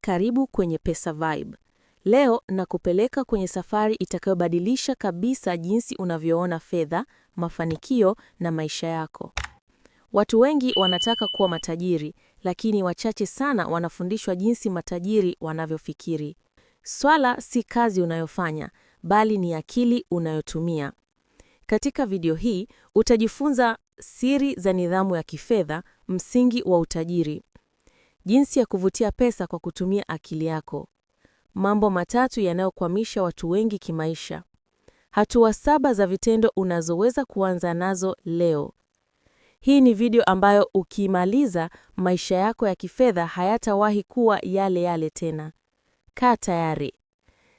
Karibu kwenye Pesa Vibe. Leo nakupeleka kwenye safari itakayobadilisha kabisa jinsi unavyoona fedha, mafanikio na maisha yako. Watu wengi wanataka kuwa matajiri, lakini wachache sana wanafundishwa jinsi matajiri wanavyofikiri. Swala si kazi unayofanya, bali ni akili unayotumia. Katika video hii utajifunza siri za nidhamu ya kifedha, msingi wa utajiri, Jinsi ya kuvutia pesa kwa kutumia akili yako. Mambo matatu yanayokwamisha watu wengi kimaisha. Hatua saba za vitendo unazoweza kuanza nazo leo. Hii ni video ambayo ukimaliza maisha yako ya kifedha hayatawahi kuwa yale yale tena. Kaa tayari.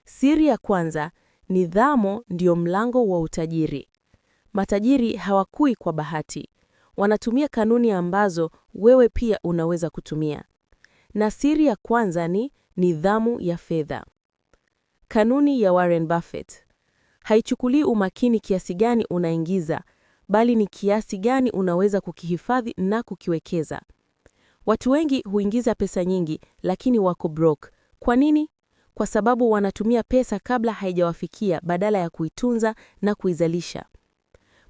Siri ya kwanza, nidhamu ndio mlango wa utajiri. Matajiri hawakui kwa bahati. Wanatumia kanuni ambazo wewe pia unaweza kutumia. Na siri ya kwanza ni nidhamu ya fedha. Kanuni ya Warren Buffett haichukulii umakini kiasi gani unaingiza, bali ni kiasi gani unaweza kukihifadhi na kukiwekeza. Watu wengi huingiza pesa nyingi lakini wako broke. Kwa nini? Kwa sababu wanatumia pesa kabla haijawafikia badala ya kuitunza na kuizalisha.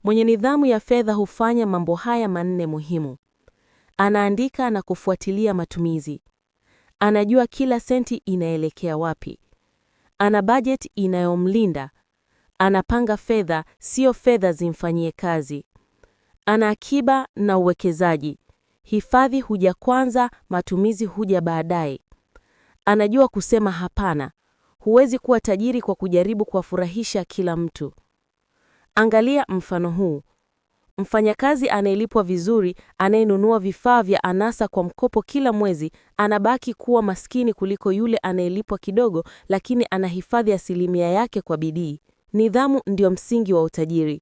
Mwenye nidhamu ya fedha hufanya mambo haya manne muhimu: anaandika na kufuatilia matumizi, Anajua kila senti inaelekea wapi. Ana bajeti inayomlinda. Anapanga fedha, sio fedha zimfanyie kazi. Ana akiba na uwekezaji. Hifadhi huja kwanza, matumizi huja baadaye. Anajua kusema hapana. Huwezi kuwa tajiri kwa kujaribu kuwafurahisha kila mtu. Angalia mfano huu. Mfanyakazi anayelipwa vizuri, anayenunua vifaa vya anasa kwa mkopo kila mwezi, anabaki kuwa maskini kuliko yule anayelipwa kidogo lakini anahifadhi asilimia yake kwa bidii. Nidhamu ndio msingi wa utajiri.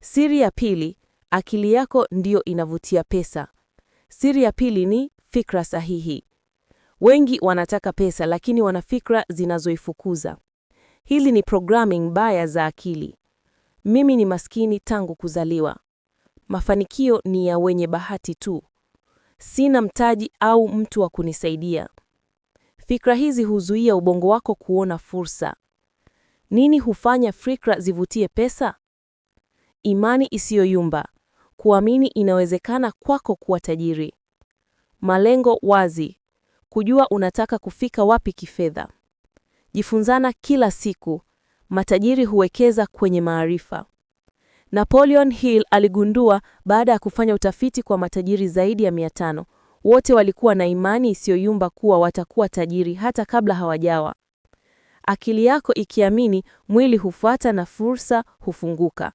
Siri ya pili, akili yako ndiyo inavutia pesa. Siri ya pili ni fikra sahihi. Wengi wanataka pesa lakini wana fikra zinazoifukuza. Hili ni programming mbaya za akili. Mimi ni maskini tangu kuzaliwa. Mafanikio ni ya wenye bahati tu. Sina mtaji au mtu wa kunisaidia. Fikra hizi huzuia ubongo wako kuona fursa. Nini hufanya fikra zivutie pesa? Imani isiyoyumba, kuamini inawezekana kwako kuwa tajiri. Malengo wazi, kujua unataka kufika wapi kifedha. Jifunzana kila siku matajiri huwekeza kwenye maarifa. Napoleon Hill aligundua baada ya kufanya utafiti kwa matajiri zaidi ya 500, wote walikuwa na imani isiyoyumba kuwa watakuwa tajiri hata kabla hawajawa. Akili yako ikiamini, mwili hufuata na fursa hufunguka.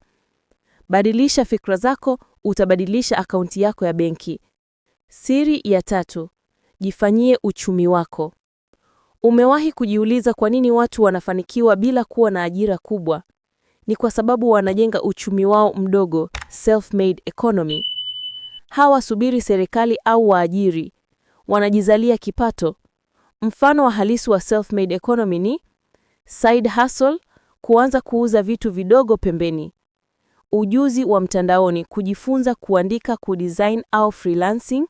Badilisha fikra zako, utabadilisha akaunti yako ya benki. Siri ya tatu: jifanyie uchumi wako. Umewahi kujiuliza kwa nini watu wanafanikiwa bila kuwa na ajira kubwa? Ni kwa sababu wanajenga uchumi wao mdogo, self-made economy. Hawasubiri serikali au waajiri, wanajizalia kipato. Mfano wa halisi wa self-made economy ni side hustle, kuanza kuuza vitu vidogo pembeni. Ujuzi wa mtandaoni, kujifunza kuandika, kudesign au freelancing,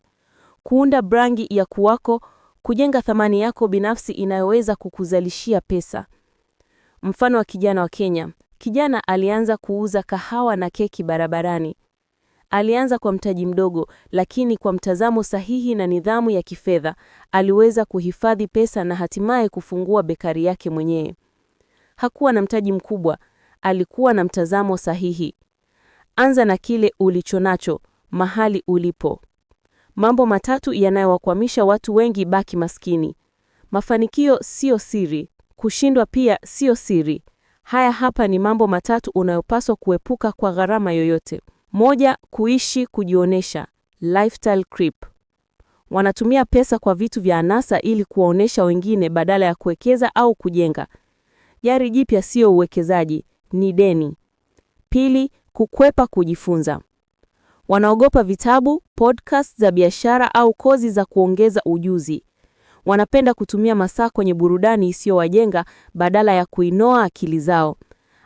kuunda brangi ya kuwako kujenga thamani yako binafsi inayoweza kukuzalishia pesa. Mfano wa kijana wa Kenya. Kijana alianza kuuza kahawa na keki barabarani. Alianza kwa mtaji mdogo, lakini kwa mtazamo sahihi na nidhamu ya kifedha, aliweza kuhifadhi pesa na hatimaye kufungua bekari yake mwenyewe. Hakuwa na mtaji mkubwa, alikuwa na mtazamo sahihi. Anza na kile ulichonacho mahali ulipo. Mambo matatu yanayowakwamisha watu wengi baki maskini. Mafanikio siyo siri, kushindwa pia siyo siri. Haya hapa ni mambo matatu unayopaswa kuepuka kwa gharama yoyote. Moja, kuishi kujionesha, lifestyle creep. Wanatumia pesa kwa vitu vya anasa ili kuwaonesha wengine badala ya kuwekeza au kujenga. Gari jipya siyo uwekezaji, ni deni. Pili, kukwepa kujifunza. Wanaogopa vitabu, podcast za biashara au kozi za kuongeza ujuzi. Wanapenda kutumia masaa kwenye burudani isiyowajenga badala ya kuinoa akili zao.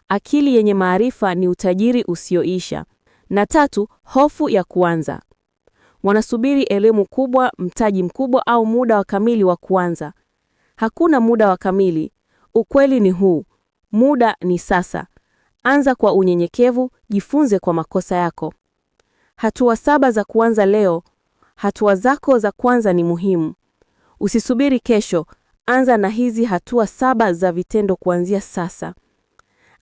Akili yenye maarifa ni utajiri usioisha. Na tatu, hofu ya kuanza. Wanasubiri elimu kubwa, mtaji mkubwa au muda wa kamili wa kuanza. Hakuna muda wa kamili. Ukweli ni huu. Muda ni sasa. Anza kwa unyenyekevu, jifunze kwa makosa yako. Hatua saba za kuanza leo. Hatua zako za kwanza ni muhimu. Usisubiri kesho, anza na hizi hatua saba za vitendo kuanzia sasa.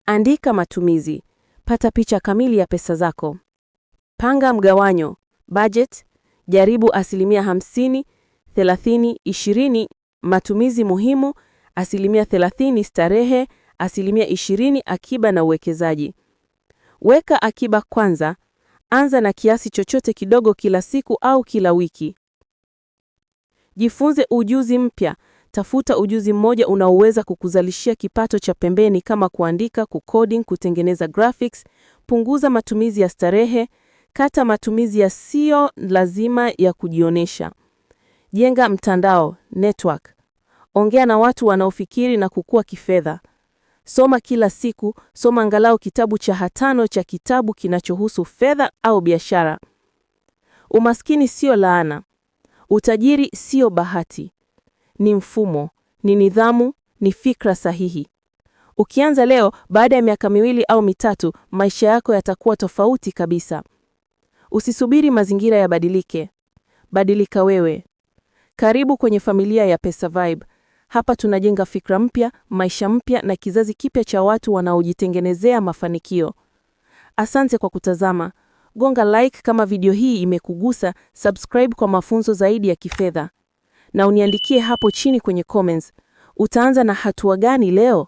Andika matumizi, pata picha kamili ya pesa zako. Panga mgawanyo, budget, jaribu asilimia 50, 30, 20 matumizi muhimu, asilimia 30 starehe, asilimia 20 akiba na uwekezaji. Weka akiba kwanza, Anza na kiasi chochote kidogo kila siku au kila wiki. Jifunze ujuzi mpya. Tafuta ujuzi mmoja unaoweza kukuzalishia kipato cha pembeni kama kuandika, kucoding, kutengeneza graphics. Punguza matumizi ya starehe, kata matumizi yasiyo lazima ya kujionyesha. Jenga mtandao network. Ongea na watu wanaofikiri na kukua kifedha. Soma kila siku, soma angalau kitabu cha hatano cha kitabu kinachohusu fedha au biashara. Umaskini sio laana, utajiri sio bahati, ni mfumo, ni nidhamu, ni fikra sahihi. Ukianza leo, baada ya miaka miwili au mitatu, maisha yako yatakuwa tofauti kabisa. Usisubiri mazingira yabadilike, badilika wewe. Karibu kwenye familia ya Vibe. Hapa tunajenga fikra mpya, maisha mpya na kizazi kipya cha watu wanaojitengenezea mafanikio. Asante kwa kutazama. Gonga like kama video hii imekugusa, subscribe kwa mafunzo zaidi ya kifedha, na uniandikie hapo chini kwenye comments, utaanza na hatua gani leo?